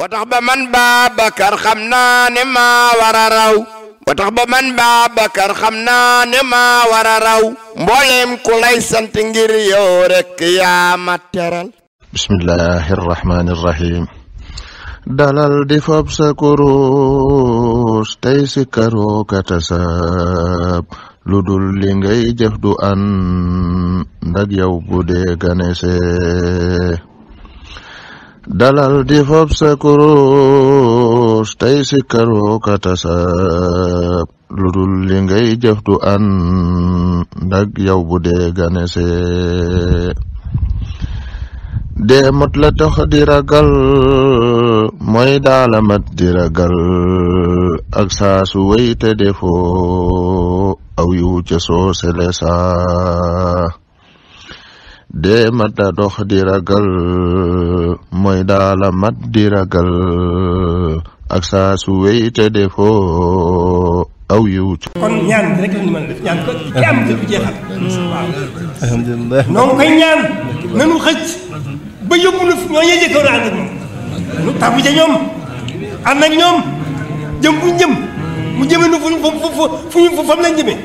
watax ba man babakar xamna ne ma wara raw watax ba man babakar xamna ne ma wara raw mbollem ku lay sant ngir yow rek ya ma teral dalal di fop sa kurus tay si karo kata sa ludul li ngay jef du an ndag yow budé ganesse dalal di fab sa kuruus tey si karoo katasab dul li ngay jëf du an ndag yow bu dee ganese dee mot la tax di ragal mooy daala mat di ragal ak saa su wéy dee mat dox di mooy daala matt di ragal ak saa su wéy te aw yiw noonu koy ñaan nanu xëcc ba yóbbu nu ñoo ñee jëkkoon ànd ak nu tàbbi ca ñoom ànd ak ñoom jëm fu jëm mu jëme nu fu fu fam lañ jëmee